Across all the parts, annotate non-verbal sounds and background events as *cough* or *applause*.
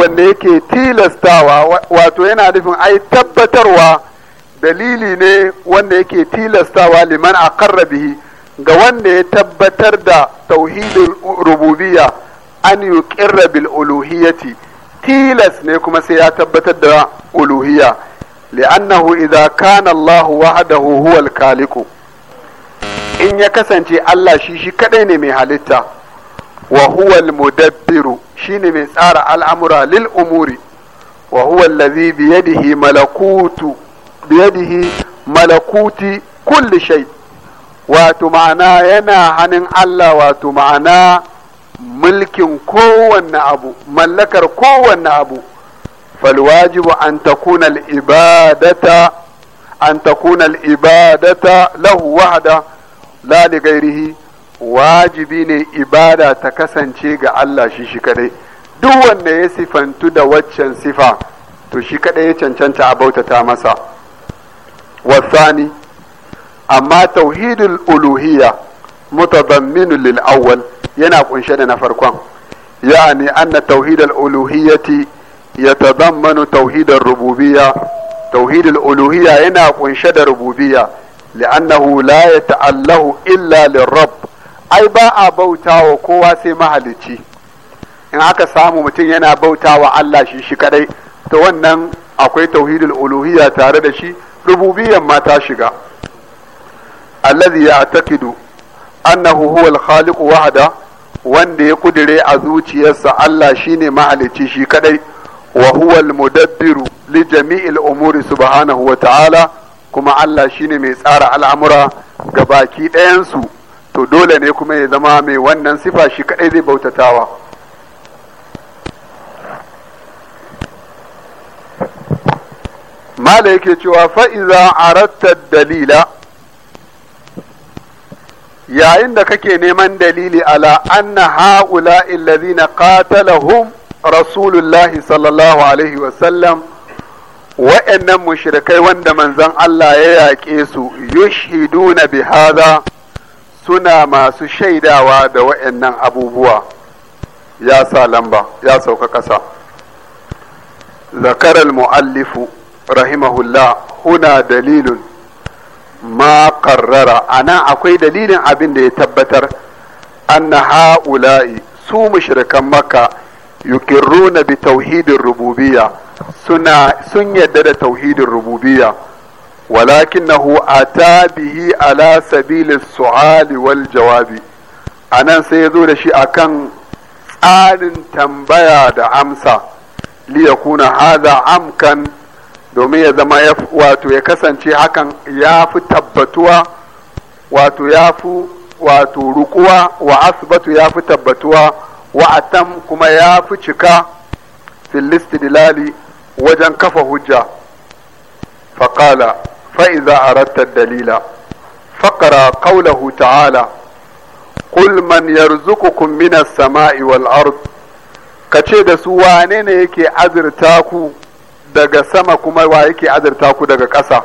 wanda yake tilastawa wato yana nufin ai tabbatarwa dalili ne wanda yake tilastawa liman a bihi ga wanda ya tabbatar da tauhidin rububiya an yuqirra bil uluhiyyati tilas ne kuma sai ya tabbatar da uluhiya li'annahu idza kana Allahu wahdahu huwa al in ya kasance Allah shi shi kadai ne mai halitta wa huwa al-mudabbiru shine mai tsara al'amura lil umuri wa huwa allazi biyadihi malakutu biyadihi malakuti kulli shay wato ma'ana yana hannun Allah wato ma'ana mulkin kowanne abu mallakar kowanne abu فالواجب أن تكون الإبادة أن تكون الإبادة له وحده لا لغيره wajibi ne ibada ta kasance ga Allah shi shi kadai duk wanda ya sifantu da waccan sifa to shi kadai ya cancanta a bautata masa wasani amma tauhidul uluhiyya mutadammin lil awwal yana kunshe da na farkon yani anna tauhidul uluhiyyati yatadammanu tauhidar rububiyya tauhidul uluhiyya yana kunshe da rububiyya li'annahu la yata'allahu illa rab. ai ba a bauta wa kowa sai mahalicci in aka samu mutum yana bauta wa Allah shi shi kadai to wannan akwai tauhidul uluhiyya tare da shi rububiyyan ma ta shiga allazi ya'taqidu annahu huwal al-khaliq wahda wanda ya kudire a zuciyarsa Allah shine mahalicci shi kadai wa huwa mudabbiru li jami'il umuri subhanahu wa ta'ala kuma Allah shine mai tsara al'amura ga baki ɗayansu to dole ne kuma ya zama mai wannan sifa shi kadai zai bautatawa mala yake cewa fa'iza aratta dalila yayin da kake neman dalili ala anna ha'ula illazina qatalahum rasulullahi sallallahu alaihi wasallam mushrikai wanda manzon Allah ya yaƙe su yushhiduna bi hadha suna masu shaidawa da wa'annan abubuwa ya sa lamba ya sauka ƙasa zakar muallifu rahimahullah huna dalilun ma karrara ana akwai dalilin abin da ya tabbatar anna ha'ula'i su mushrikan makka yukirruna bi tauhidin rububiyya suna sun yadda da tauhidin rububiyya walakinahu a bihi ala sabili su'ali wal jawabi anan sai ya zo da shi a kan tsarin tambaya da amsa li yakuna hadha amkan domin ya zama ya wato ya kasance hakan ya fi tabbatuwa wato ya fi wato rukuwa wa asbatu ya fi tabbatuwa wa kuma ya fi cika fil wajen kafa hujja faqala فإذا أردت الدليل فقرأ قوله تعالى قل من يرزقكم من السماء والأرض kace da su wane ne yake azurta ku daga sama kuma wa yake azurta ku daga ƙasa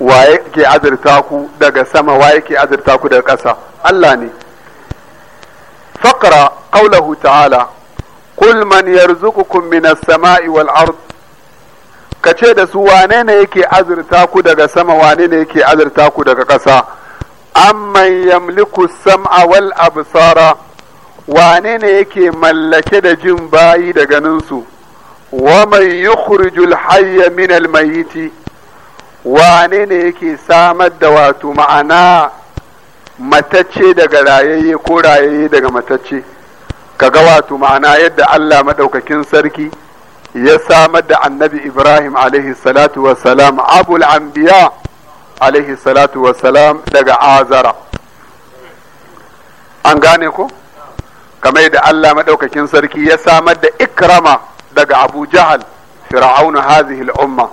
wa yake azurta ku daga sama wa yake azurta ku daga ƙasa Allah ne faqra qawluhu ta'ala minas sama'i wal ka ce da su wane ne yake azurta ku daga sama wane ne yake azurta ku daga ƙasa amman yamliku sam'a wal absara wane ne yake mallake da jin bayi da ganin su. wa man yukhrijul hayya min al mayyiti wane ne yake samar da wato ma'ana matacce daga rayayye ko rayayye daga matacce kaga wato ma'ana yadda Allah madaukakin sarki ya samar da annabi ibrahim alaihi salatu wa salam abul anbiya alaihi salatu wa salam daga azara an gane ko kamar da allah maɗaukakin sarki ya samar da ikrama daga abu jahal fir'aunu hazihil umma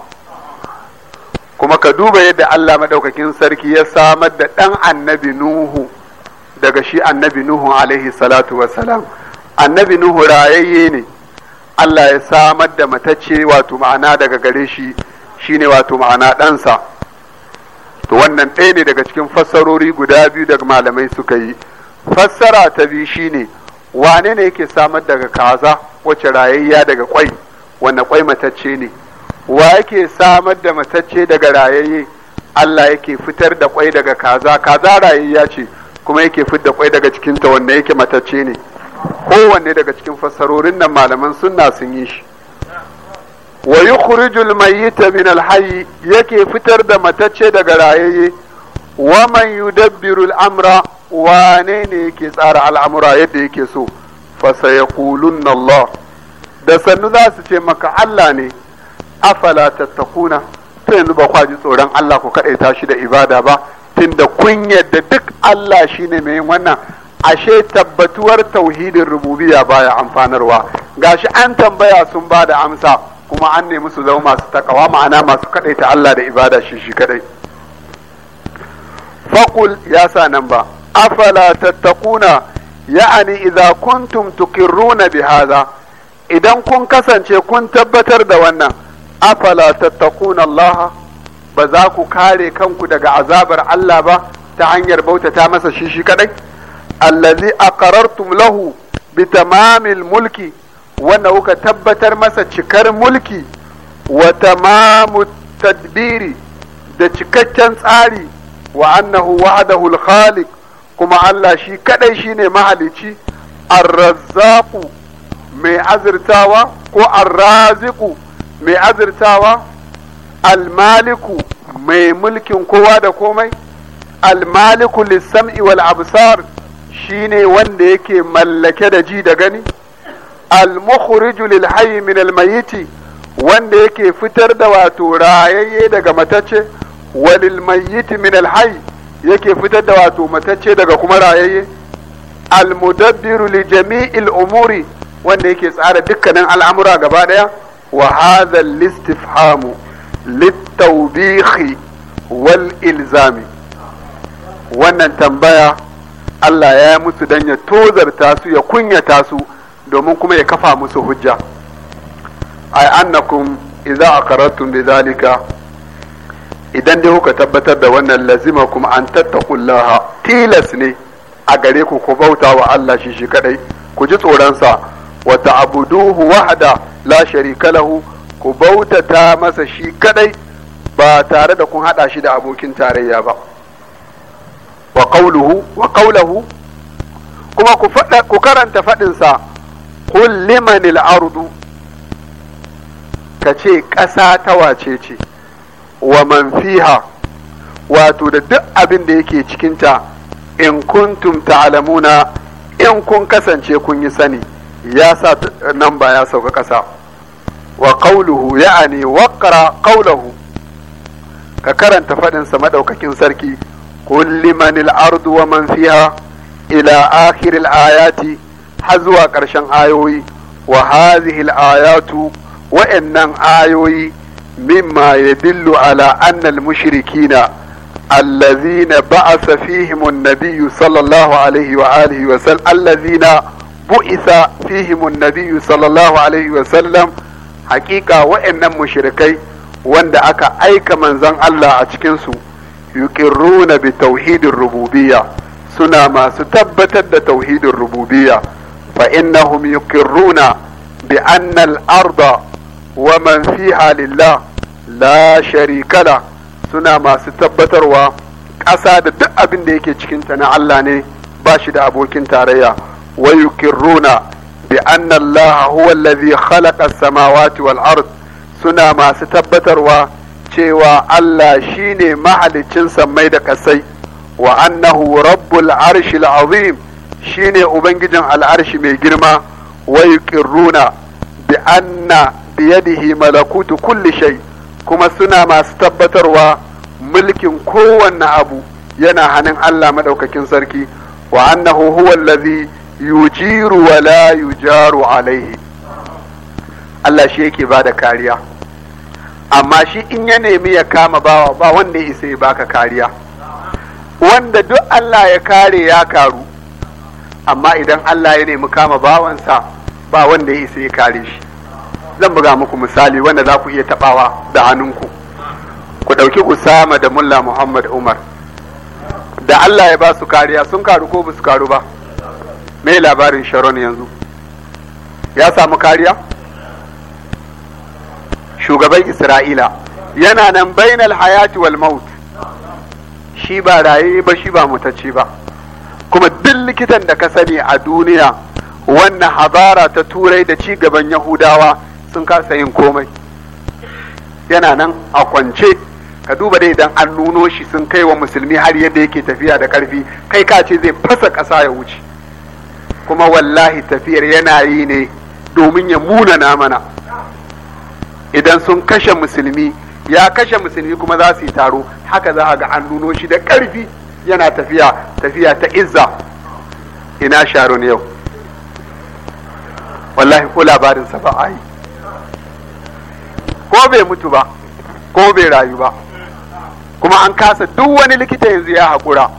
kuma ka duba yadda allah maɗaukakin sarki ya samar da ɗan annabi nuhu daga shi annabi nuhu alaihi salatu salam. annabi nuhu rayayye ne Allah ya samar da matacce wato ma'ana daga gare shi shine wato ma'ana ɗansa to wannan ɗaya ne daga cikin fassarori guda biyu daga malamai suka yi fassara ta biyu shine wane ne yake samar daga kaza wacce rayayya daga kwai wanda kwai matacce ne wa yake samar da matacce daga rayayye Allah yake fitar da kwai daga kaza kaza rayayya ce kuma yake fitar da kwai daga cikinta wanda yake matacce ne kowanne daga cikin fassarorin nan malaman sunna sun yi shi wa yukhrijul mayyita min alhayy yake fitar da matacce daga rayayye wa man yudabbiru al'amra wane ne yake tsara al'amura yadda yake so fa sayaqulun Allah da sannu za su ce maka Allah ne afala tattakuna to yanzu ba kwaji tsoron Allah ku kaɗaita shi da ibada ba tunda kun yadda duk Allah shine mai wannan ashe tabbatuwar tauhidin rububiya baya amfanarwa gashi an tambaya sun ba da amsa kuma an nemi su zama masu takawa ma'ana masu ta Allah da ibada shi shi kadai faqul ya sa nan ba afala tattakuna ya'ani idza kuntum tuqirruna bihadha idan kun kasance kun tabbatar da wannan afala tattakuna Allah ba za ku kare kanku daga azabar Allah ba ta hanyar bautata masa shi shi kadai allazi aqarartum lahu bi tamamil mulki wanda kuka tabbatar masa cikar mulki wa tadbiri da cikakken tsari wa annahu wahdahu al-khaliq kuma Allah shi kadai shine mahalici ar-razzaqu mai azirtawa ko ar-raziqu mai azirtawa al-maliku mai mulkin kowa da komai al-maliku lis-sam'i wal-absar Shi ne wanda yake mallake da ji da gani al-mukhriju lil hayy min al-mayyiti wanda yake fitar da wato rayayye daga matacce walil Mayiti min al hayi yake fitar da wato matacce daga kuma rayayye al mudabbiru li jami'il umuri wanda yake tsara dukkanin al'amura gaba daya wa hadha al istifhamu wal ilzami wannan tambaya Allah ya musu dan ya tozarta su ya kunyata su domin kuma ya kafa musu hujja Annaku, annakum idza aqarratum bidhalika idan dai kuka tabbatar da wannan lazima kuma an tattaqullaha tilas ne a gare ku ku bauta wa Allah shi shi kadai ku ji sa, wa ta'buduhu wahda la sharika lahu ku bautata masa shi kadai ba tare da kun hada shi da abokin tarayya ba wa qawluhu wa qawluhu kuma ku fada ku karanta fadin sa qul liman al-ardu kace kasa ta wace ce wa man fiha wato da duk abin da yake cikin ta in kuntum ta'lamuna in kun kasance kun yi sani ya sa nan ba ya sauka kasa wa qawluhu ya'ani waqra qawluhu ka karanta fadin sa madaukakin sarki قل لمن الأرض ومن فيها إلى آخر الآيات حزوى كرشن آيوي وهذه الآيات وإن آيوي مما يدل على أن المشركين الذين بعث فيهم النبي صلى الله عليه وآله وسلم الذين بعث فيهم النبي صلى الله عليه وسلم حقيقة وإن مشركي وإن أكا أيك من زن الله أتكنسو yuqirruna bi tauhidin rububiyya suna masu tabbatar da tauhidin rububiya fa innahum yuqirruna bi anna al-arda wa man fiha la sharika suna masu tabbatarwa ƙasa da duk abin da yake ta na Allah ne ba shi da abokin tarayya wa yuqirruna bi anna Allah huwa allazi khalaqa as-samawati wal ard suna masu tabbatarwa cewa Allah shine mahalicin sammai da kasai wa annahu rabbul arshil azim shine ubangijin al'arshi mai girma wa yuqirruna bi anna biyadihi malakutu kulli shai, kuma suna masu tabbatarwa mulkin kowanne abu yana hannun Allah maɗaukakin sarki wa annahu huwa allazi yujiru wa la yujaru alaihi Allah shi yake bada kariya amma shi in ya nemi ya kama bawa ba wanda ya isa ya baka kariya wanda duk Allah ya kare ya karu amma idan Allah ya nemi kama bawansa ba wanda ya isa ya kare shi zan buga muku misali wanda za ku iya tabawa da hannunku ku ɗauki Usama da Mulla Muhammad Umar da Allah ya ba su kariya sun karu ko ba su karu ba me labarin Sharon yanzu ya samu kariya shugaban isra'ila yana nan bainal hayati wal maut shi ba raye ba shi ba mutacci ba kuma duk likitan da ka sani a duniya wannan habara ta turai da ci gaban yahudawa sun kasa yin komai yana nan a kwance ka duba dai idan an nuno shi sun kai wa musulmi har yadda yake tafiya da karfi kai ka ce zai fasa ƙasa ya wuce kuma wallahi tafiyar yana yi ne domin ya munana mana idan sun kashe musulmi ya kashe musulmi kuma za su yi taro haka za a ga an nuno shi da ƙarfi yana tafiya tafiya ta izza ina sharon yau wallahi ko labarinsa ba a yi ko bai mutu ba ko bai rayu ba kuma an kasa duk wani likita yanzu ya haƙura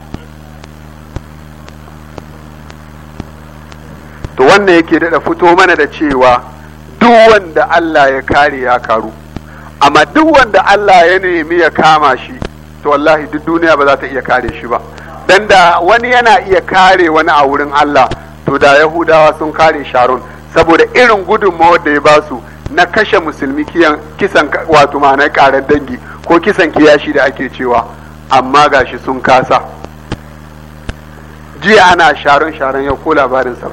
to wannan yake daɗa fito mana da cewa duk wanda Allah ya kare ya karu amma duk wanda Allah ya nemi ya kama shi to wallahi duk duniya ba za ta iya kare shi ba dan da wani yana iya kare wani a wurin Allah to da Yahudawa sun kare Sharon saboda irin gudunmawar da ya ba su na kashe musulmi kisan wato ma'anar karar dangi ko kisan kiyashi da ake cewa amma gashi sun kasa jiya ana sharon sharon yau ko labarin sa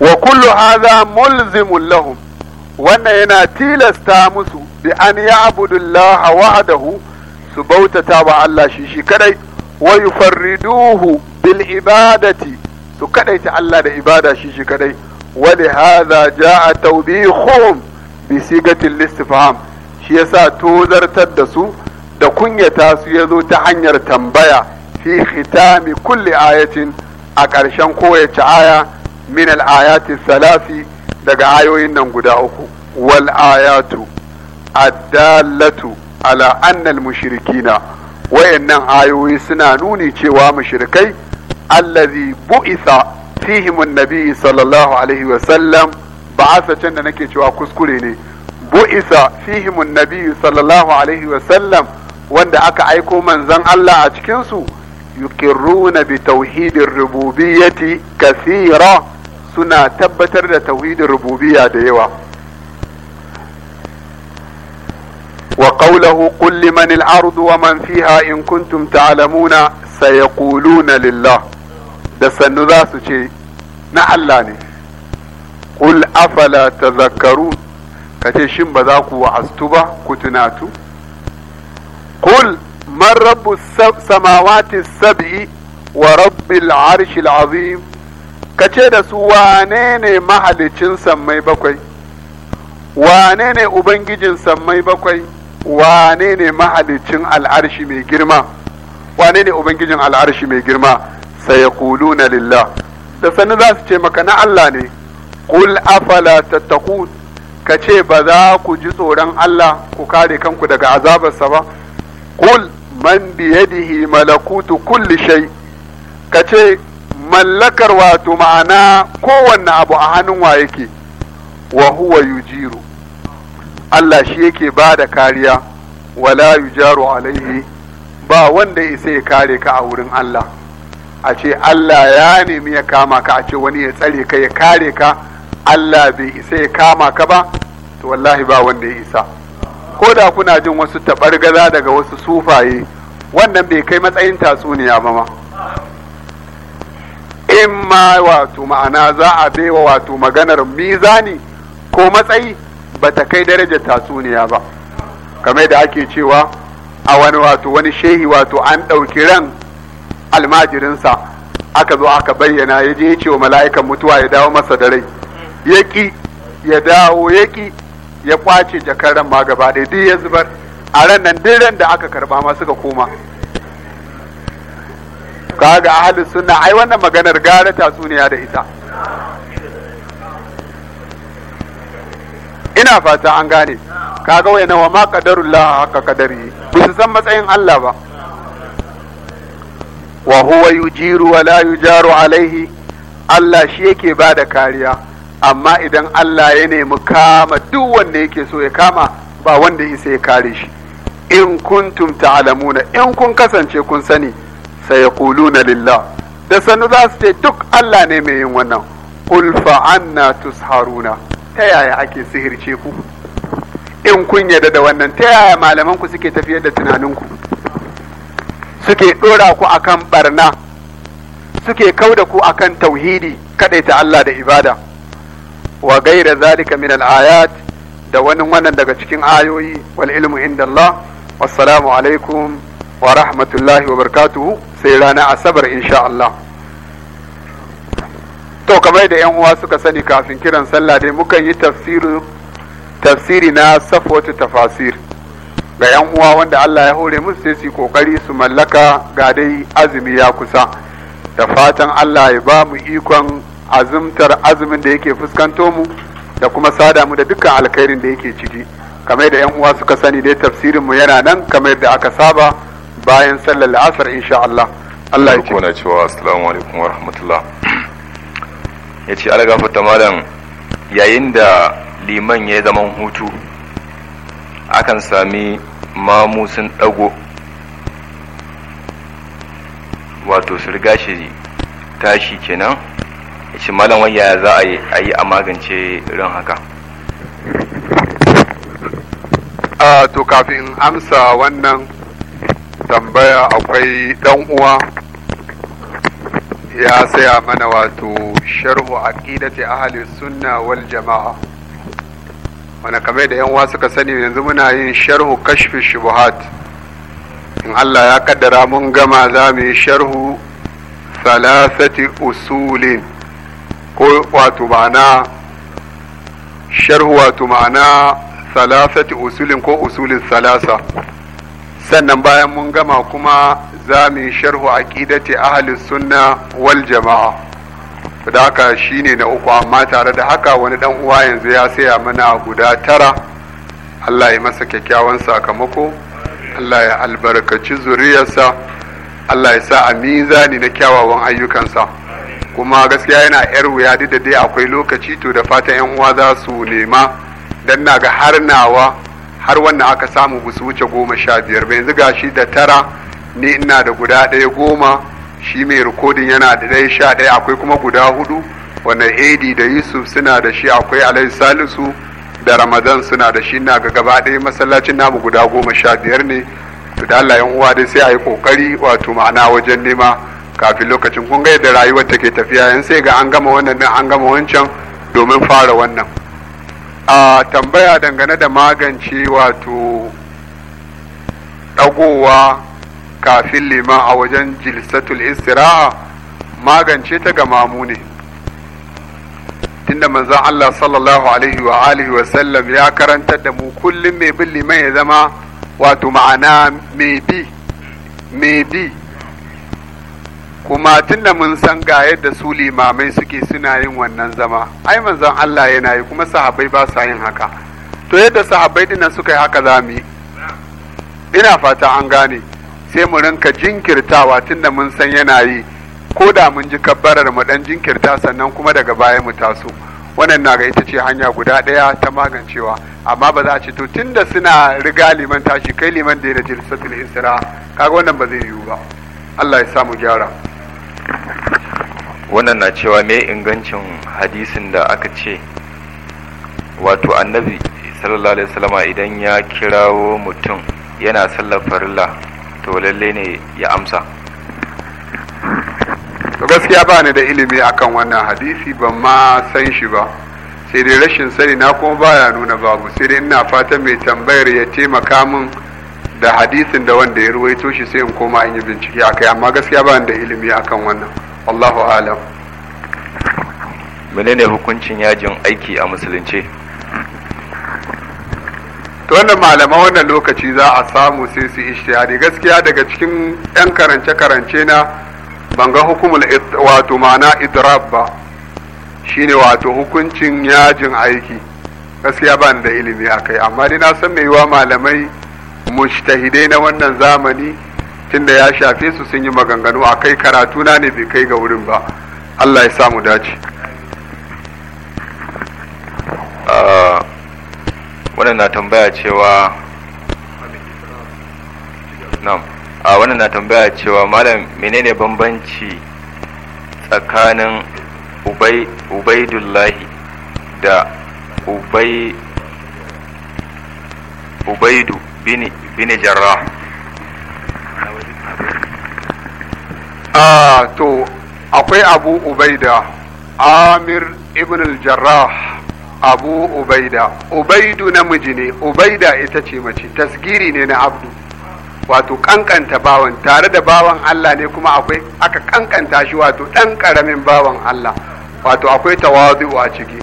wa kullu hadha mulzimun lahum yana tilasta musu bi an ya'budu Allah su bautata wa Allah shi shi kadai wa yufarriduhu bil ibadati su kadaita Allah da ibada shi shi kadai wa li hadha jaa tawbihuhum bi sigati al-istifham shi yasa tozartar da su da kunyata su ya zo ta hanyar tambaya fi khitami kulli ayatin a ƙarshen kowace aya min al-ayati daga ayoyin nan guda uku wal ayatu addalatu ala anna mushrikina wayannan ayoyi suna nuni cewa mushrikai allazi bu'isa fihim an-nabi sallallahu alaihi wa sallam ba'asa can da nake cewa kuskure ne bu'isa fihim an-nabi sallallahu alaihi wa sallam wanda aka aiko manzon Allah a cikin su yuqirruna bi tauhidir rububiyyati kathira suna tabbatar da tauhidin rububiya da yawa wa qawluhu qul liman al-ardu wa man fiha in kuntum ta'lamuna sayaquluna lillah da sannu za su ce na Allah ne qul afala tadhakkarun kace shin ba za ku wa'astu ba ku tunatu qul man rabbus samawati sab'i wa rabbil arshil azim ka ce da su wane ne mahalicin sammai bakwai wane ne ubangijin sammai bakwai wane ne mahalicin al'arshi mai girma wane ne ubangijin al'arshi mai girma sai na lillah da sannu za su ce maka na Allah ne Kul afala tattaqun ka ce ba za ku ji tsoron Allah ku kare kanku daga azabarsa ba kul man biyadihi malakutu kulli shay ka ce mallakar wato ma'ana kowanne abu a hannun wa yake wa huwa yujiru Allah shi yake ba da kariya wala yujaru alaihi ba wanda isa ya kare ka a wurin Allah a ce Allah ya nemi ya kama ka a ce wani ya tsare ka ya kare ka Allah bai isa ya kama ka ba to wallahi ba wanda ya isa ko da kuna jin wasu tabargaza daga wasu sufaye wannan bai kai matsayin tatsuniya ba ma imma wato ma'ana za a baiwa wato maganar mizani ko matsayi ba ta kai darajar tatsuniya ba kamar da ake cewa a wani wato wani shehi wato an ɗauki ran almajirinsa aka zo aka bayyana ya je cewa mala'ikan mutuwa ya dawo masa da rai ya ƙi ya dawo ya ƙi ya ƙwace jakar ran ma gaba ɗaya duk ya zubar a ran nan duk ran da aka karba ma suka koma kaga ahalin sunna ai wannan maganar gara tatsuniya da ita ina fata an gane kaga wayannan wa ma qadarullah haka kadari bisa san matsayin Allah ba wa huwa yujiru wa la yujaru alaihi Allah shi yake ba da kariya amma idan Allah ya nemi kama duk wanda yake so ya kama ba wanda isa ya kare shi in kuntum ta'lamuna in kun kasance kun sani sayaquluna lillah da sanu za su ce duk Allah ne mai yin wannan qul anna tusharuna ta yaya ake sihirce ku in kun yarda da wannan ta yaya malaman ku suke tafiyar da tunaninku suke dora ku akan barna suke kauda ku akan tauhidi ta Allah da ibada wa gaira zalika min al-ayat da wani wannan daga cikin ayoyi wal ilmu inda Allah wassalamu alaikum wa rahmatullahi wa barakatuhu sai rana asabar insha Allah to kamar da yan uwa suka sani kafin kiran sallah dai mukan yi tafsiru tafsiri na safotu tafasir ga yan uwa wanda Allah ya hore musu sai su kokari su mallaka ga dai azumi ya kusa da fatan Allah ya ba mu ikon azumtar azumin da yake fuskanto mu da kuma sada mu da dukkan alkhairin da yake ciki kamar da yan uwa suka sani dai tafsirin mu yana nan kamar da aka saba bayan sallar la'asar insha Allah Allah ya ce kuna cewa assalamu alaikum wa rahmatullah ya ce ala gafarta malam yayin da liman ya zaman hutu akan sami mamu sun dago wato su riga shi tashi kenan ya ce malam waya za a yi a magance irin haka ah, to kafin amsa wannan tambaya akwai ɗan uwa ya saya mana wato sharhu aqidati ahalin sunna wal jama'a Wani kamar da yan suka sani yanzu muna yin sharhu kashfi shubuhat in Allah ya kaddara mun gama za mu yi sharhu salasati usulin ko wato ma'ana sharhu wato ma'ana salasati usulin ko usulin salasa sannan bayan mun gama kuma za mu yi sharhu aqidati ahalin sunna wal jama'a da haka shine na uku amma tare da haka wani dan uwa yanzu ya saya mana guda tara Allah ya masa kyakkyawan sakamako Allah ya albarkaci zuriyarsa Allah ya sa a mizani na kyawawan ayyukansa kuma gaskiya yana yar wuya duk da dai akwai lokaci to da fatan yan uwa za su nema dan naga har nawa har wannan aka samu busu wuce goma sha biyar ba yanzu gashi da tara ni ina da guda ɗaya goma shi mai rikodin yana da ɗaya sha ɗaya akwai kuma guda hudu wanda edi da yusuf suna da shi akwai alai salisu da ramadan suna da shi ina ga gaba ɗaya masallacin namu guda goma sha biyar ne to da allah yan uwa dai sai a yi kokari wato ma'ana wajen nema kafin lokacin kun ga yadda rayuwar take tafiya yan sai ga an gama wannan an gama wancan domin fara wannan a tambaya dangane da magance wato ɗagowa kafin lima a wajen jilsatul istira'a magance ta ga mamu ne tunda manzon Allah sallallahu alaihi wa alihi wa sallam ya karantar da mu kullum mai bin liman ya zama wato ma'ana mai bi mai bi kuma tun da mun san ga yadda su limamai suke suna yin wannan zama ai manzon Allah yana yi kuma sahabbai ba sa yin haka to yadda sahabbai dina suka yi haka za mu yi ina fata an gane sai mu rinka jinkirtawa da mun san yana yi ko da mun ji kabbarar mu dan jinkirta sannan kuma daga baya mu taso wannan na ga ita ce hanya guda ɗaya ta magancewa amma ba za a ce to tunda suna riga liman tashi kai liman da ya da jirsatul isra kaga wannan ba zai yiwu ba Allah ya samu gyara wannan na cewa me ingancin hadisin da aka ce wato annabi sallallahu alaihi wasallama idan ya kirawo mutum yana sallar farilla to lalle ne ya amsa gaskiya ba ni da ilimi akan wannan hadisi ban ma san shi ba sai dai rashin sani na kuma baya nuna babu sai dai ina fata mai tambayar ya taimaka min da hadisin da wanda ya ruwaito shi sai in koma in yi bincike akai amma gaskiya ba da ilimi akan wannan wallahu alam menene hukuncin yajin aiki a musulunci to wannan malama wannan lokaci za a samu sai su ishtiyari gaskiya daga cikin yan karance karance na ban ga hukumul wato Mana idrab ba shine wato hukuncin yajin aiki gaskiya ba da ilimi akai amma dai na san mai malamai mujtahidai na wannan zamani tunda ya shafe su sun yi maganganu a kai karatu na ne bai kai ga wurin ba Allah ya samu dace ah, wannan na tambaya cewa nam a ah, wannan na tambaya cewa malam menene bambanci tsakanin ubaidullahi da ubaidu Bini. ibn jarrah ah to akwai abu ubaida amir ibn al-jarrah abu ubaida ubaidu namiji ne ubaida ita ce mace tasgiri ne na abdu wato kankanta bawan tare da bawan Allah ne kuma akwai aka kankanta shi wato ɗan ƙaramin bawan Allah wato akwai tawadu a ciki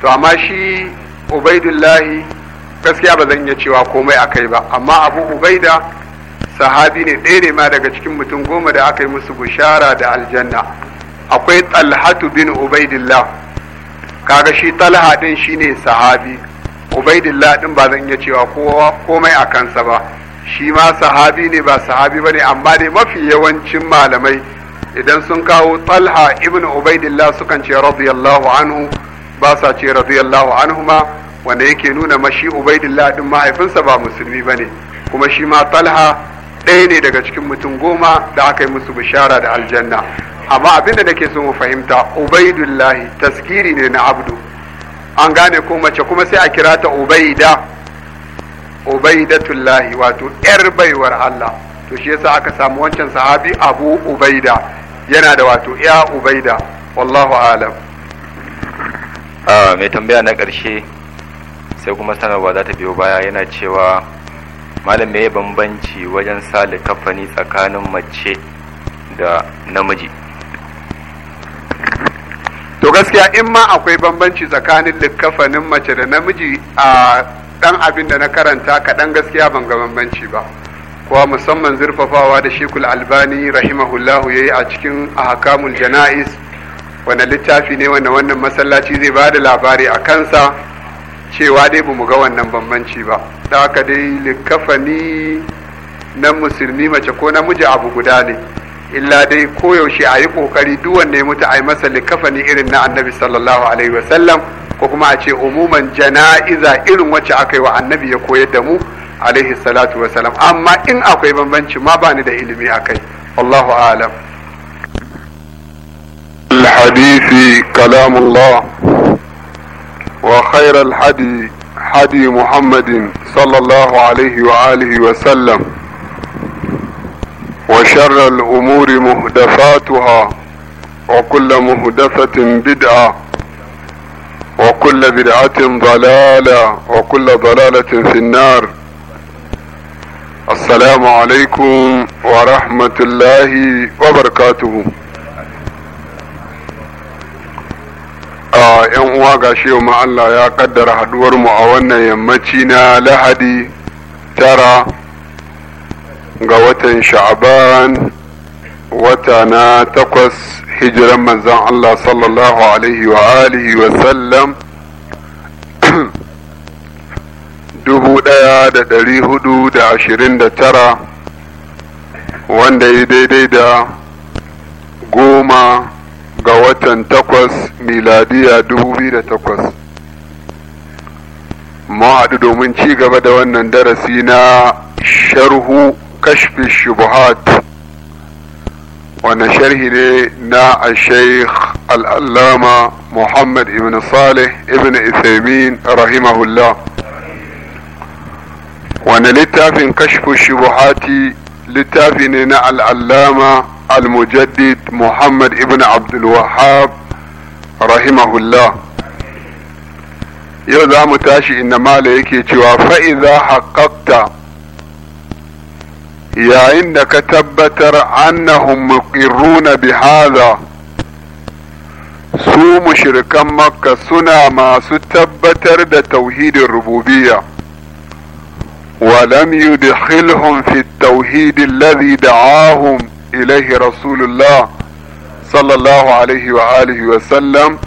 to amma shi ubaidullahi gaskiya ba zan iya cewa komai a kai ba amma abu ubaida sahabi ne ɗaya ne ma daga cikin mutum goma da aka yi musu bushara da aljanna akwai talhatu bin ubaidillah kaga shi talha din shine sahabi ubaidillah din ba zan iya cewa kowa komai a kansa ba shi ma sahabi ne ba sahabi ba ne, amma dai mafi yawancin malamai idan sun kawo talha ibn ubaidillah sukan ce radiyallahu anhu ba sa ce radiyallahu anhu ma wanda yake nuna mashi ubaidillah din mahaifinsa ba musulmi ba ne, kuma shi ma talha ɗaya ne daga cikin mutum goma da aka yi musu bishara da aljanna amma abin da nake so mu fahimta ubaidullah taskiri ne na abdu an gane ko mace kuma sai a kira ta ubaida ubaidatullah wato yar baiwar Allah to shi yasa aka samu wancan sahabi abu ubaida yana da wato ya ubaida wallahu alam ah, mai tambaya na ƙarshe sai kuma sanarwa za ta biyo baya yana cewa malam mai bambanci wajen sa kafani tsakanin mace da namiji to gaskiya in ma akwai bambanci tsakanin likafanin mace da namiji a dan abin da na karanta kaɗan gaskiya ban ga bambanci ba kuwa musamman zurfafawa da shekul albani rahimahullahu ya yi a cikin ahakamul jana'is wani littafi ne wanda wannan masallaci zai ba da labari a kansa cewa dai ba mu ga wannan bambanci ba da haka dai likafani na musulmi mace ko namiji abu guda ne illa dai koyaushe a yi ƙoƙari duk wanda ya mutu a yi masa likafani irin na annabi sallallahu alaihi wasallam ko kuma a ce umuman jana'iza irin wacce aka yi wa annabi ya koyar da mu alaihi salatu wasalam amma in akwai bambanci ma ba ni da ilimi a kai wallahu alam الحديث كلام الله وخير الحدي حدي محمد صلى الله عليه وآله وسلم وشر الأمور مهدفاتها وكل مهدفة بدعة وكل بدعة ضلالة وكل ضلالة في النار السلام عليكم ورحمة الله وبركاته yan uwa ga shi ma Allah ya kaddara haduwar mu a wannan yammaci na Lahadi tara ga watan Sha'aban wata na takwas hijiran manzon Allah sallallahu alaihi wa alihi wa sallam *clears throat* dubu ɗaya da ɗari hudu da ashirin da tara wanda ya daidai da goma ga watan takwas miladiya dubu biyu da takwas mu haɗu domin ci gaba da wannan darasi na sharhu kashfi shubuhat wannan sharhi ne na al-shaykh al muhammad ibn salih ibn isaimin rahimahullah wani littafin kashfi shubuhati لتافننا العلامة المجدد محمد ابن عبد الوهاب رحمه الله يوزا متاشي ان مالك يتوا فاذا حققت يا انك تبتر انهم مقرون بهذا سو مشركا مكة سنا ما ستبتر دا توحيد الربوبيه ولم يدخلهم في التوحيد الذي دعاهم اليه رسول الله صلى الله عليه واله وسلم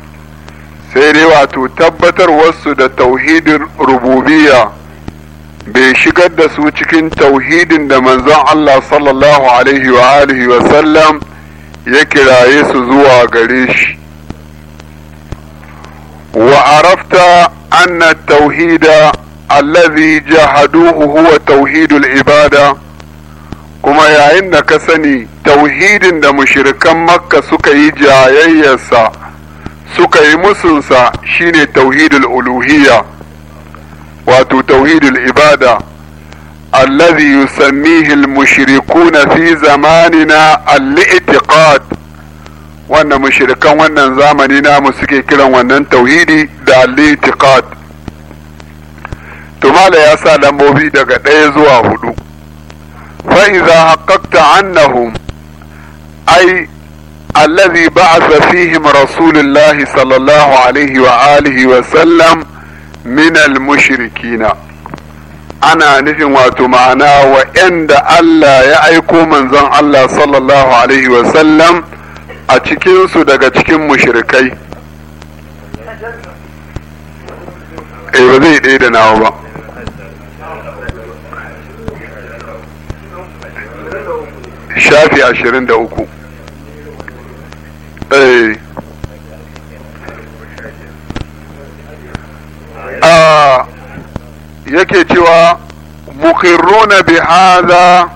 سيري وتتبتر وسد توحيد ربوبية بشكل دسوتك توحيد دمن الله صلى الله عليه واله وسلم يكرا يسو زوا قريش وعرفت ان التوحيد allazi jahaduhu huwa tauhidul ibada kuma yayin da ka sani tauhidin da mushirikan makka suka yi jayayyarsa suka yi musunsa shine tauhidul uluhiya. wato tauhidul ibada allazi yusammihi al-mushrikuna fi zamanina al-i'tiqad wanda mushrikan wannan zamani namu suke kiran wannan tauhidi da al-i'tiqad tumala ya sa lambobi daga ɗaya zuwa hudu fa'iza haƙaƙta annahum ai allazi ba'atha fihim rasulullahi sallallahu alaihi wa alihi wa sallam min almushrikina. ana nufin wato ma'ana wa'yanda Allah ya aiko manzon Allah sallallahu Alaihi sallam a cikinsu daga cikin mushrikai. Eh ba zai ɗaya da nawa ba. shafi ashirin da uku eh. a yake cewa mukirruna bi haza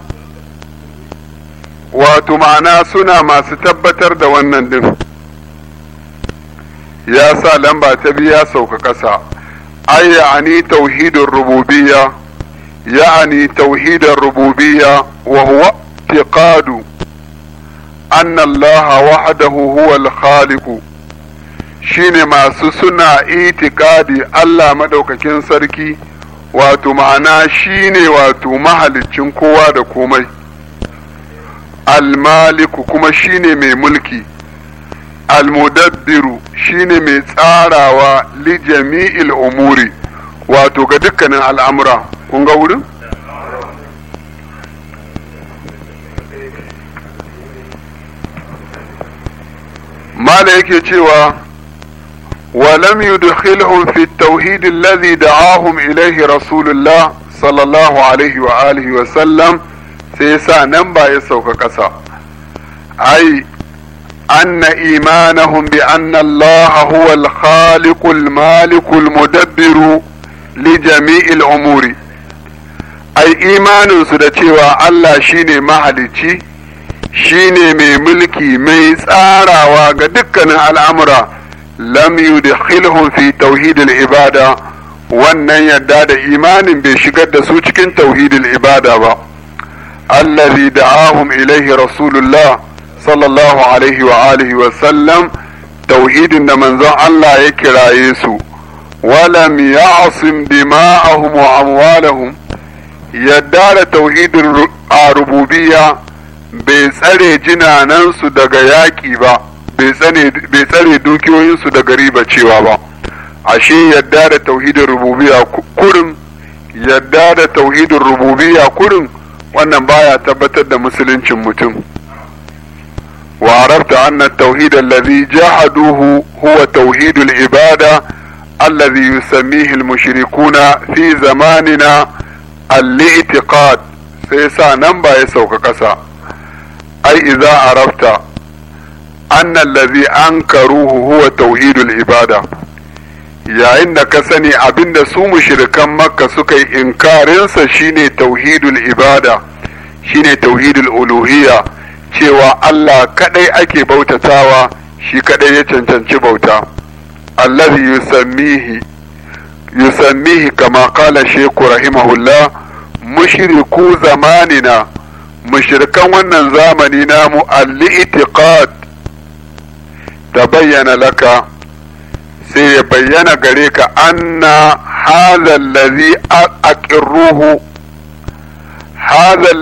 wato ma'ana suna masu tabbatar da wannan din ya sa lamba ta biya sauka ƙasa ai ya'ani tauhidin rububiya. ya'ani tauhidin rububiyya wa الاعتقاد أن الله وحده هو shine masu suna itikadi Allah maɗaukakin sarki wato ma'ana shine wato mahaliccin kowa da komai almaliku kuma shine mai mulki al-mudabbiru shine mai tsarawa li jami'il umuri wato ga dukkanin al'amura kun ga wurin mala yake cewa ولم يدخلهم في التوحيد الذي دعاهم إليه رسول الله صلى الله عليه وآله وسلم سيسا نمبا يسوك كسا أي أن إيمانهم بأن الله هو الخالق المالك المدبر لجميع الأمور أي إيمان سدتي الله شيني مهدتي shi ne mai mulki mai tsarawa ga dukkanin al'amura lam yudkhilhum fi tauhidil ibada wannan yadda da imanin bai shigar da su cikin tauhidil ibada ba allazi da'ahum ilaihi rasulullah sallallahu alaihi wa alihi wa sallam tauhidin da manzon Allah ya kiraye su walam ya'sim dima'ahum wa amwalahum yadda da tauhidin a rububiyya bai tsare jinanansu daga yaƙi ba bai tsare dukiyoyinsu da riba cewa ba ashe yadda da tauhidin rububiya kurin yadda da tauhidin rububiya kurin wannan baya tabbatar da musuluncin mutum wa arabta anna tauhid allazi jahaduhu huwa tauhidul ibada allazi yusammihi almushrikuna fi zamanina al-i'tiqad sai sa nan ba ya sauka ƙasa. ai idza arafta anna allazi ankaru huwa tauhidul ibada yayin da ka sani abinda su mushirikan makka suka yi inkarinsa shine tauhidul ibada shine tauhidul uluhiya. cewa Allah kaɗai ake bautatawa shi kaɗai ya cancanci bauta allazi yusammihi yusammihi kama qala shaykhu rahimahullah mushriku zamanina mushirikan wannan zamani namu al-i'tiqad bayyana laka sai ya bayyana gare ka anna hadha allazi aqirruhu hadha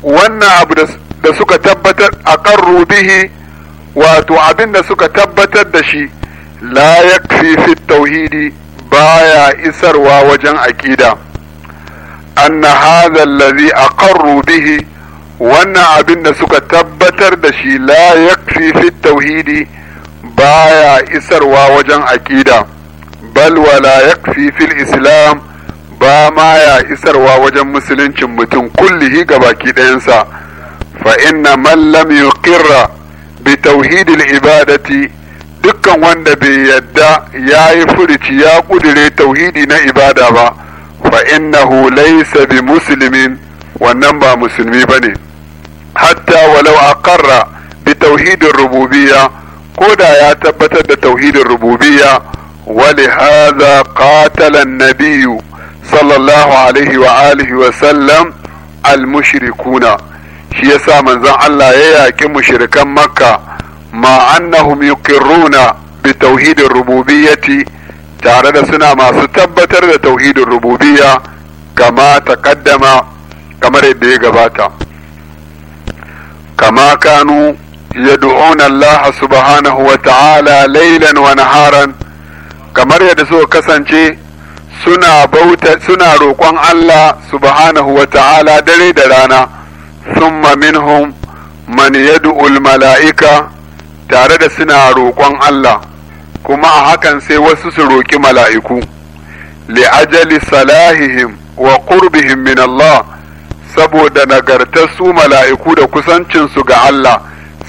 wannan abu da suka tabbatar aqarru rubihi wato abin da suka tabbatar da shi la yakfi fi tauhidi baya isarwa wajen aƙida. anna hadha allazi aqarru bihi wannan abin da suka tabbatar da shi la yakfi fi tauhidi baya isarwa wajen aqida bal wala yakfi fil islam ba ma ya isarwa wajen musuluncin mutum kullihi ga baki ɗayansa fa inna man yuqirra bi tauhidil ibadati dukkan wanda bai yadda ya yi furici ya ƙudire tauhidi na ibada ba fa innahu laysa bi muslimin wannan ba musulmi bane hatta walau aqarra bi tauhidin rububiyya ko da ya tabbatar da tauhidin rububiya wali hadha qatala an-nabiyyu sallallahu alaihi wa alihi wa sallam al-mushrikuna shi yasa manzon Allah ya yaki mushirikan makka ma annahum yuqirruna bi tauhidir rububiyyati tare da suna masu tabbatar da tauhidin rububiyya kama taqaddama kamar yadda ya gabata kama kanu yad'una Allah subhanahu wa ta'ala laylan wa naharan kamar yadda suka kasance suna bauta suna roƙon Allah subhanahu wa ta'ala dare da rana thumma minhum man yad'u al-mala'ika tare da suna roƙon Allah kuma a hakan sai wasu su roƙi mala'iku li'ajali salahihim wa qurbihim min Allah saboda nagartar su mala'iku da kusancinsu ga Allah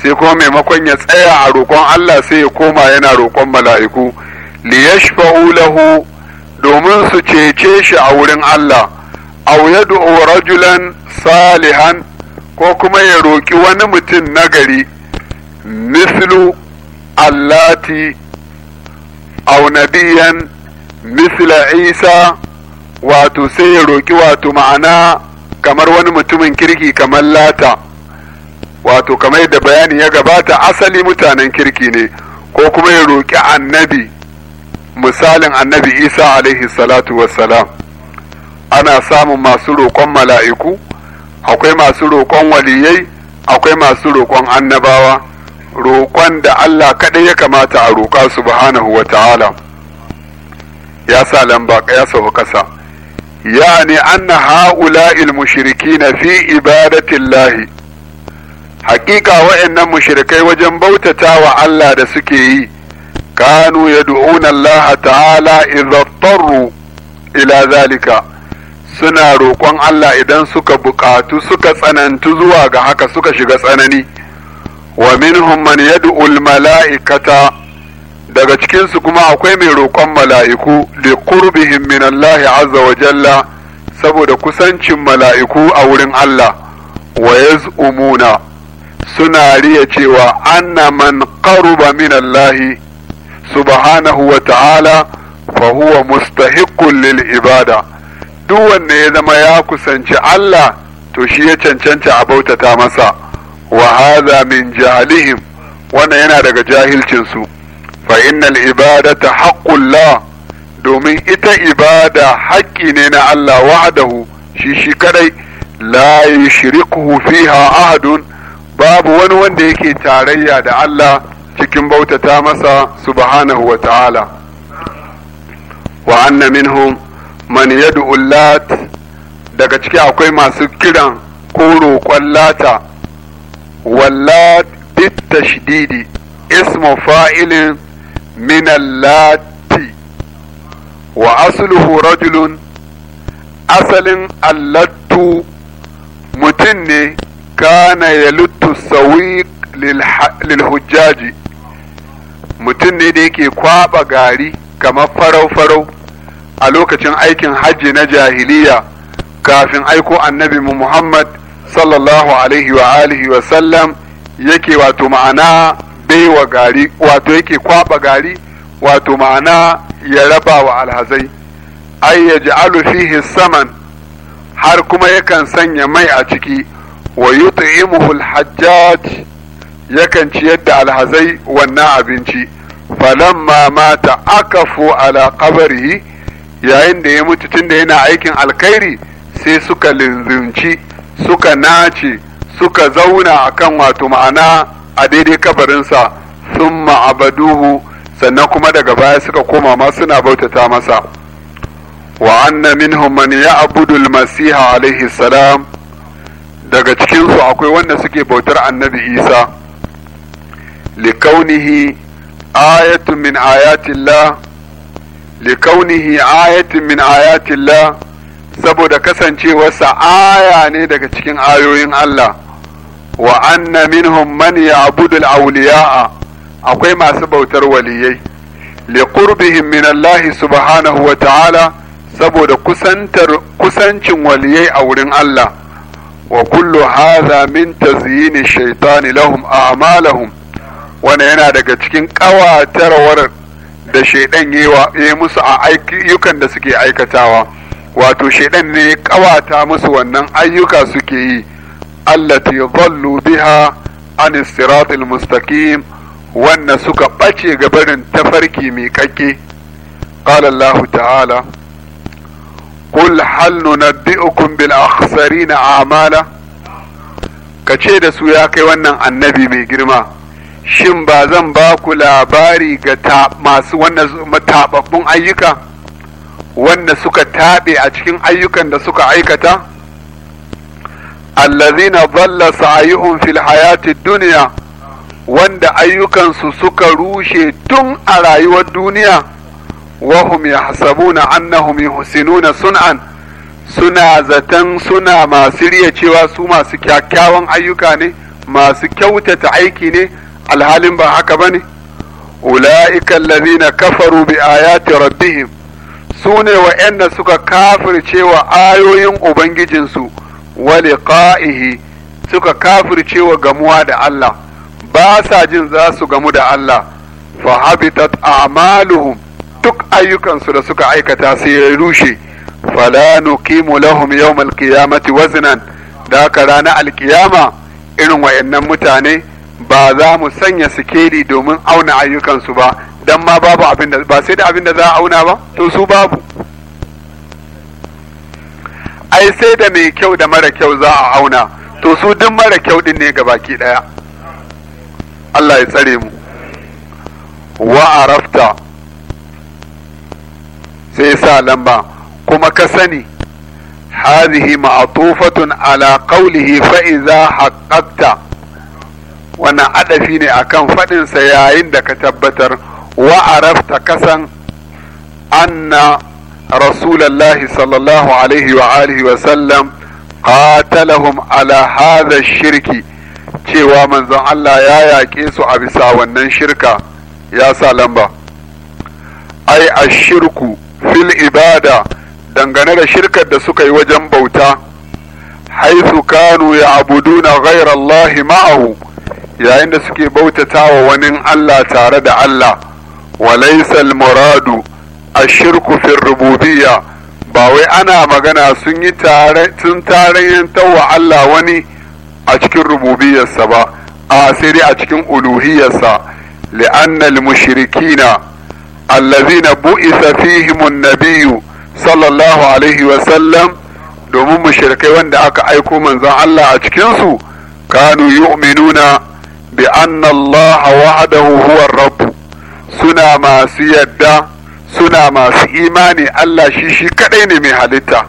sai kuma maimakon ya tsaya a roƙon Allah sai ya koma yana roƙon mala'iku ya lahu domin su cece shi a wurin Allah aw yad'u rajulan salihan ko kuma ya roƙi wani mutum nagari mislu allati aw nabiyan misla isa wato sai ya roki wato ma'ana kamar wani mutumin kirki kamar lata wato kamar yadda bayani ya gabata asali mutanen kirki ne ko kuma ya roki annabi misalin annabi isa alaihi ana samun masu roƙon mala'iku akwai masu roƙon waliyai akwai masu roƙon annabawa roƙon da Allah kaɗai ya kamata a roƙa subhanahu wa ta'ala ya sa lamba ya sauka kasa yani anna ha'ula'il mushrikina fi ibadatillahi haƙiƙa wayannan mushrikai wajen bautata wa Allah da suke yi kanu yad'una Allah ta'ala idza ila zalika suna roƙon Allah idan suka buƙatu suka tsanantu zuwa ga haka suka shiga tsanani wa minhum man yad'u al-mala'ikata daga cikin su kuma akwai mai roƙon mala'iku li qurbihim min Allah azza wa jalla saboda kusancin mala'iku a wurin Allah wa yaz'umuna suna riya cewa anna man qaruba min Allah subhanahu wa ta'ala fa huwa mustahiqqun lil ibada duk wanda ya zama ya kusanci Allah to shi ya cancanta a bautata masa wa hadha min jahlihim wannan yana daga jahilcin su fa innal ibadata haqqullah domin ita ibada hakki ne na Allah wa'adahu shi shi kadai la yushrikuhu fiha ahadun babu wani wanda yake tarayya da Allah cikin bautata masa subhanahu wa ta'ala wa anna minhum man yad'u lat daga ciki akwai masu kiran koro roƙon wallat بالتشديد اسم فاعل Wa اللات وأصله asalin allatu اللت متن كان يلت السويق للحجاج mutum ne da yake kwaɓa gari kamar farau-farau a lokacin aikin hajji na jahiliya kafin aiko annabi mu Muhammad sallallahu alaihi wa alihi wa sallam yake wato ma'ana baiwa gari wato yake kwaba gari wato ma'ana ya raba wa alhazai ai ya ji fihi saman har kuma yakan sanya mai a ciki wa yut'imuhu alhajjaj yakan ciyar da alhazai wannan abinci falamma mata akafu ala qabrihi yayin da ya mutu tunda yana aikin alkhairi sai suka linzinci suka nace suka zauna akan wato ma'ana a daidai kabarinsa sun ma'abaduhu sannan kuma daga baya suka koma ma suna bautata masa wa anna minhum man ya'budu al-masiha alaihi salam daga cikin su akwai wanda suke bautar annabi isa likaunihi ayatun min ayatillah likaunihi ayatun min ayatillah saboda kasancewarsa aya ne daga cikin ayoyin Allah wa anna minhum man ya'budu al-awliya'a akwai masu bautar waliyai li qurbihim min Allah subhanahu wa ta'ala saboda kusantar kusancin waliyai a wurin Allah wa kullu hadha min tazyini shaytan lahum a'malahum yana daga cikin ƙawatarwar da shaidan yi musu a ayyukan da suke aikatawa wato shaidan ne ya kawata musu wannan ayyuka suke yi allati dhallu biha an siratil mustaqim wanda suka ɓace ga barin tafarki mai kakke qala Allah ta'ala قل هل ننبئكم بالأخسرين أعمالا kace da su ya kai wannan annabi mai girma shin ba zan ba ku labari ga masu wannan taɓaɓɓun ayyuka wanda suka taɓe a cikin ayyukan da suka aikata allazina balla sa'yuhum fil hayati dunya wanda ayyukansu suka rushe tun a rayuwar duniya wahum yahsabuna annahum yuhsinuna sun'an suna zaton suna masu riya cewa su masu kyakkyawan ayyuka ne masu kyautata aiki ne alhalin ba haka bane ula'ika allazina kafaru bi ayati rabbihim su ne wa'yanda suka cewa ayoyin ubangijinsu wa liqa'ihi suka cewa gamuwa da Allah ba sa jin za su gamu da Allah fa habitat a'maluhum duk ayyukansu da suka aikata sai ya rushe fala nuqimu lahum yau malkiyamati waznan da ka rana alkiyama irin nan mutane ba za mu sanya sikeli domin auna ayyukansu ba dan ma babu abin da ba sai da abin da za a auna ba to su babu ai sai da mai kyau da mara kyau za a auna to su duk mara kyau din ne ga baki daya Allah ya tsare mu wa arafta sai sa lamba kuma ka sani هذه معطوفة على قوله فإذا حققت wannan adafi ne akan faɗinsa yayin da ka tabbatar وعرفت كسن أن رسول الله صلى الله عليه وآله وسلم قاتلهم على هذا الشرك cewa manzon Allah ya yaƙe su a bisa wannan shirka ya sa lamba ai a shirku fil ibada dangane da shirkar da suka yi wajen bauta haithu kanu ya na ghairallahi ma'ahu yayin da suke bautatawa wani Allah tare da Allah وليس المراد الشرك في الربوبية باوي أنا مغانا سنجي تاري تاريين تو الله وني أشكر ربوبية سبا آسيري أشكر ألوهية سا لأن المشركين الذين بؤث فيهم النبي صلى الله عليه وسلم domin mushrikai wanda aka aiko manzon Allah a cikinsu kanu yu'minuna bi anna Allah wa'adahu huwa rabb suna masu yadda suna masu imani Allah shi shi kadai ne mai halitta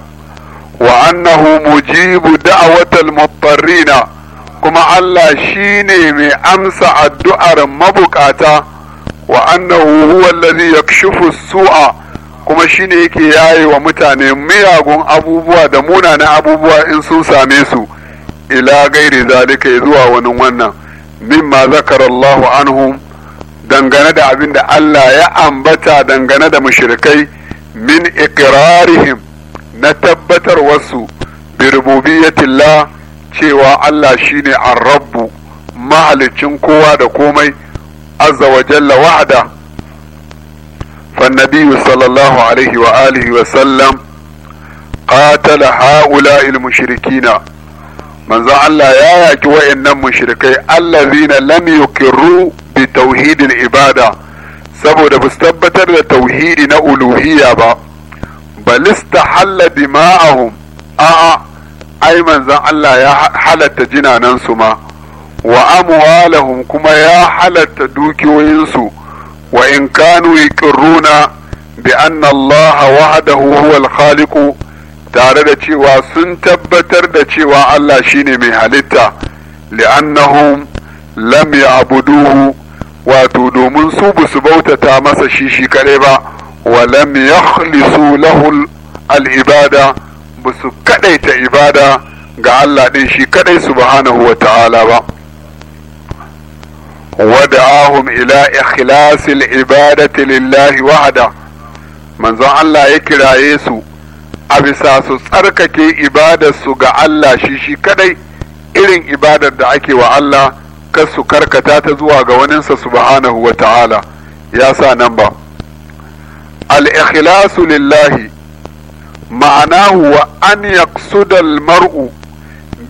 wa annahu mujibu da'watal mutarrina kuma Allah shi ne mai amsa addu'ar mabukata wa annahu huwa allazi yakshifu su'a kuma shi ne yake yaye wa mutane miyagun abubuwa da munanan abubuwa in sun same su ila gairi zalika zuwa wani wannan mimma zakarallahu Allahu anhum dangane da abin da Allah ya ambata dangane da mushrikai min iqrarihim na tabbatar wasu bi rububiyyatillah cewa Allah shine ar-rabbu mahalicin kowa da komai azza wa jalla wa'ada فالنبي صلى الله عليه وآله وسلم قاتل هؤلاء المشركين من زعل يا يجوى إن مشركي الذين لم يقروا bi tauhidin ibada saboda ba tabbatar da tauhidi na uluhiya ba balista halla dima'ahum a'a ai manzon Allah ya halatta jinanansu ma wa amwalahum kuma ya halatta dukiyoyinsu wa in kanu yuqirruna bi anna Allah wahdahu huwal khaliqu tare da cewa sun tabbatar da cewa Allah shine mai halitta li'annahum lam ya'buduhu wato domin su ba su bautata masa shi shi kare ba walam yakhlisu lahu al-ibada ba su ibada ga Allah ɗin shi kadai subhanahu wa ta'ala ba ahun ila ikhlasil ibadati lillahi wahda manzon Allah ya kiraye su a bisa su tsarkake ibadarsu ga Allah shi shi kadai irin ibadar da ake wa Allah kar su karkata ta zuwa ga waninsa subhanahu wa ta'ala ya sa nan ba al-ikhlasu lillahi ma'anahu wa an yaqsuda maru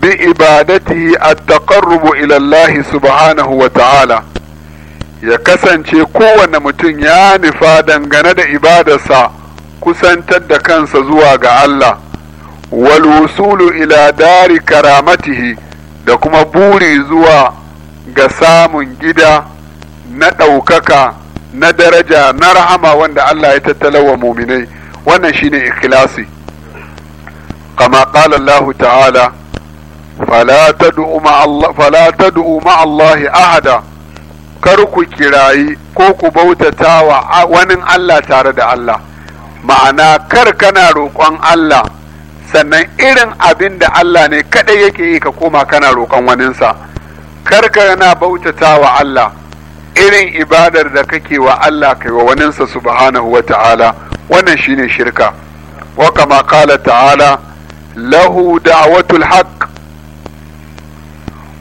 bi ibadatihi at-taqarrubu ila Allah subhanahu wa ta'ala ya kasance kowane mutum ya nufa dangane da ibadarsa kusantar da kansa zuwa ga Allah wal wusulu ila dari karamatihi da kuma buri zuwa ga samun gida na ɗaukaka na daraja na rahama wanda Allah ya tattalawa muminai wannan shine ikhlasi kama qala Allah ta'ala فلا تدعوا ma الله فلا kar ku kirayi ko ku bautata wa wani Allah tare da Allah ma'ana kar kana roƙon Allah sannan irin abin da Allah ne kaɗai yake yi ka koma kana roƙon waninsa karka yana bautata wa Allah irin ibadar da kake wa Allah kai wa waninsa subhanahu wa ta'ala wannan shine shirka wa kama qala ta'ala lahu da'watul haqq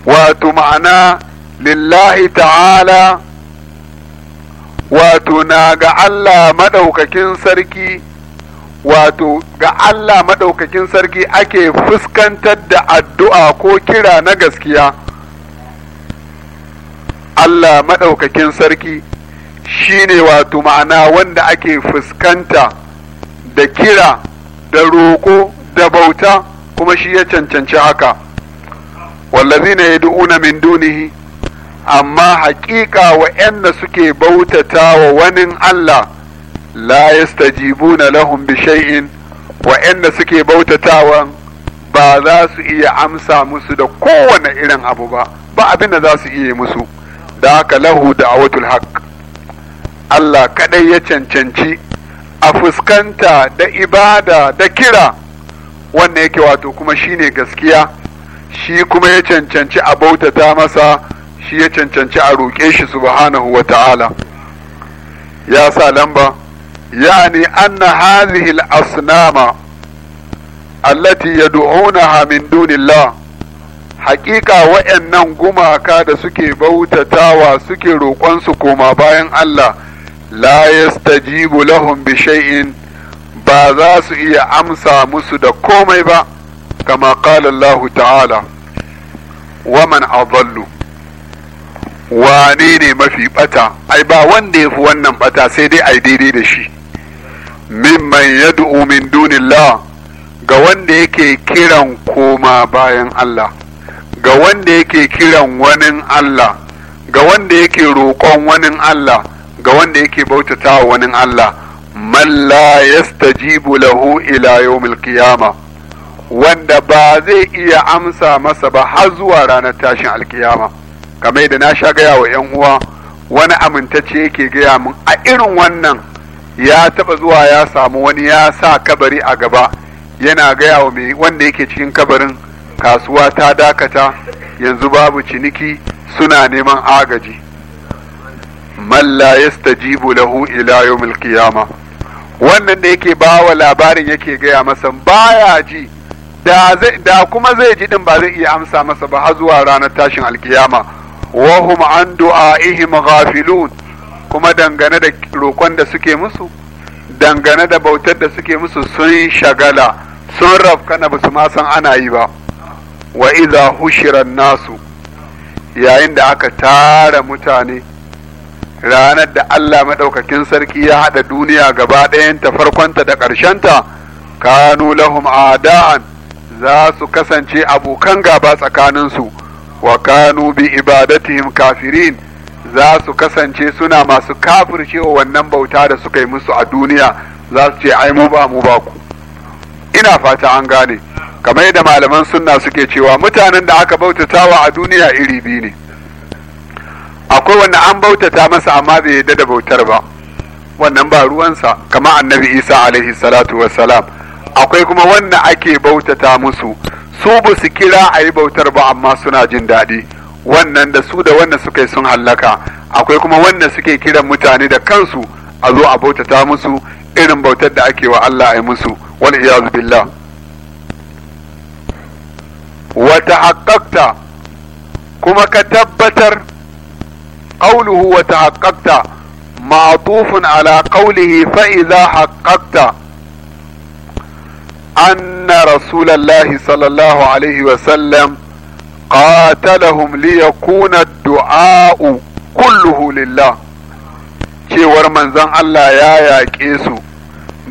wato ma'ana lillahi ta'ala wato na ga Allah madaukakin sarki wato ga Allah madaukakin sarki ake fuskantar da addu'a ko kira na gaskiya Allah maɗaukakin sarki shine wato ma'ana wanda ake fuskanta da kira da roƙo da bauta kuma shi ya cancanci haka wallazina yad'una min dunihi amma haƙiƙa wa'yanda suke bautata wa wani Allah la yastajibuna lahum bi shay'in wa'yanda suke bautatawan ba za su iya amsa musu da kowane irin abu ba ba abin da za su iya musu da aka lahu da'watul haqq Allah kadai ya cancanci a fuskanta da ibada da kira wannan yake wato kuma shine gaskiya shi kuma ya cancanci a bautata masa shi ya cancanci a roƙe shi subhanahu wa ta'ala ya sa lamba yani anna hadhihi al-asnama allati yad'unaha min dunillah hakika wa'yannan gumaka da suke bautatawa suke roƙonsu koma bayan Allah la yastajibu lahum bi shay'in ba za su iya amsa musu da komai ba kama qala Allah ta'ala wa man adallu wane ne mafi bata ai ba wanda ya fi wannan bata sai dai ai daidai da shi mimman yad'u min dunillah ga wanda yake kiran koma bayan Allah ga wanda yake kiran wani Allah ga wanda yake roƙon wani Allah ga wanda yake bautatawa wani Allah malla ya yastajibu lahu ila yawmil qiyama wanda ba zai iya amsa masa ba har zuwa ranar tashin alkiyama kamar da na sha gaya wa yan uwa wani amintacce yake gaya min a irin wannan ya taba zuwa ya samu wani ya sa kabari a gaba yana gaya wa wanda yake cikin kabarin kasuwa ta dakata yanzu babu ciniki suna neman agaji malla la yastajibu lahu ila yawmil qiyama wannan da yake bawa labarin yake gaya masa baya ji da zai da kuma zai ji din ba zai iya amsa masa ba har zuwa ranar tashin alkiyama wa hum an du'aihim ghafilun kuma dangane da roƙon da suke musu dangane da bautar da suke musu sun shagala sun rafkana ba su ma san ana yi ba wa iza hushira nasu yayin da aka tara mutane ranar da Allah maɗaukakin sarki ya haɗa duniya gaba ɗayanta farkonta da ta? kanu lahum ada'an za su kasance abokan gaba tsakaninsu wa kanu bi ibadatihim kafirin za su kasance suna masu kafircewa wannan bauta da suka yi musu a duniya za su ce ai mu ba mu ba ku ina fata an gane kamar yadda malaman sunna suke cewa mutanen da aka bautatawa a duniya iri biyu ne akwai wanda an bautata masa amma bai yadda da bautar ba wannan ba ruwansa kama annabi isa alaihi salatu wassalam akwai kuma wanda ake bautata musu su ba su kira a yi bautar ba amma suna jin daɗi wannan da su da wannan suka sun hallaka akwai kuma wanda suke kiran mutane da kansu a zo a bautata musu irin bautar da ake wa Allah a yi musu wal iyazu billah wata haƙaƙta kuma ka tabbatar ƙauluhu wata haƙaƙta ma'atufin ala ƙaulihi fa'iza haƙaƙta أن رسول الله صلى الله عليه وسلم قاتلهم ليكون الدعاء كله لله cewar manzon Allah ya yaƙe su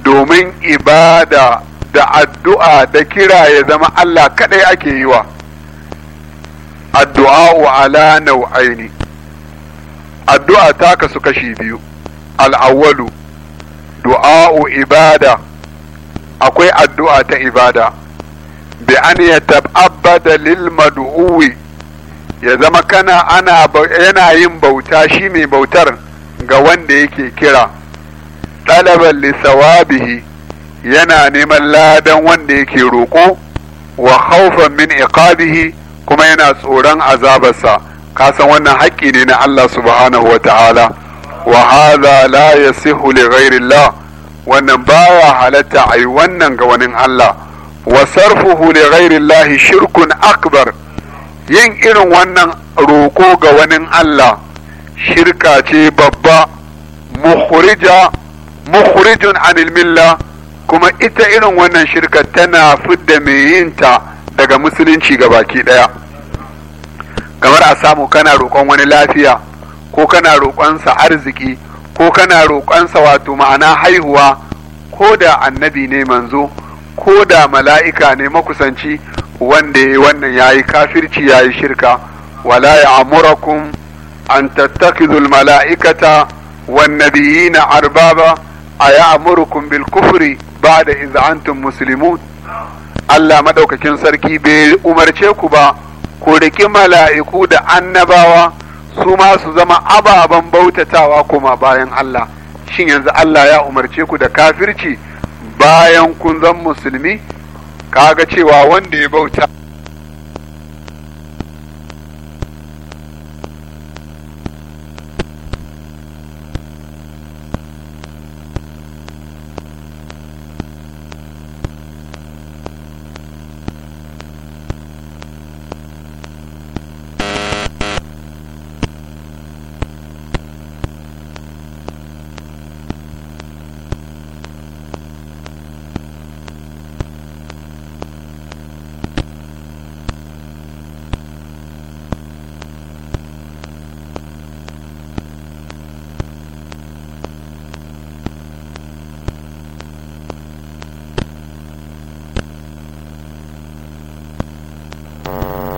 domin ibada da addu'a da kira ya zama Allah kaɗai ake yi wa addu'a wa ala nau'aini addu'a ta kasu kashi biyu al'awwalu du'a'u ibada akwai addu'a ta ibada bi an ya tab'abbada lil mad'uwi ya zama kana ana yana yin bauta shi mai bautar ga wanda yake kira ɗalaban li sawabihi yana neman ladan wanda yake roƙo wa khawfan min iqabihi kuma yana tsoron azabarsa ka san wannan haƙƙi ne na Allah subhanahu wa ta'ala wa hadha la yasihu li ghairillah wannan baya halatta ai wannan ga wani Allah wa sarfuhu li shirkun akbar yin irin wannan roƙo ga wani Allah shirka ce babba mukhrija mukhrijun anil kuma ita irin wannan shirkar tana fidda mai yinta daga musulunci ga baki ɗaya kamar a samu kana roƙon wani lafiya ko kana roƙonsa arziki ko kana roƙonsa wato ma'ana haihuwa ko da annabi ne manzo ko da mala'ika ne makusanci wanda ya wannan ya yi kafirci ya yi shirka wala ya amurakum an tattakizul mala'ikata wannabiyina arbaba a ya amurukum bil kufri ba da iz'antum muslimun Allah madaukakin sarki bai umarce ku ba ku riki mala'iku da annabawa su ma su zama ababen bautatawa kuma bayan Allah shin yanzu Allah ya umarce ku da kafirci bayan kun zan musulmi kaga cewa wanda ya bauta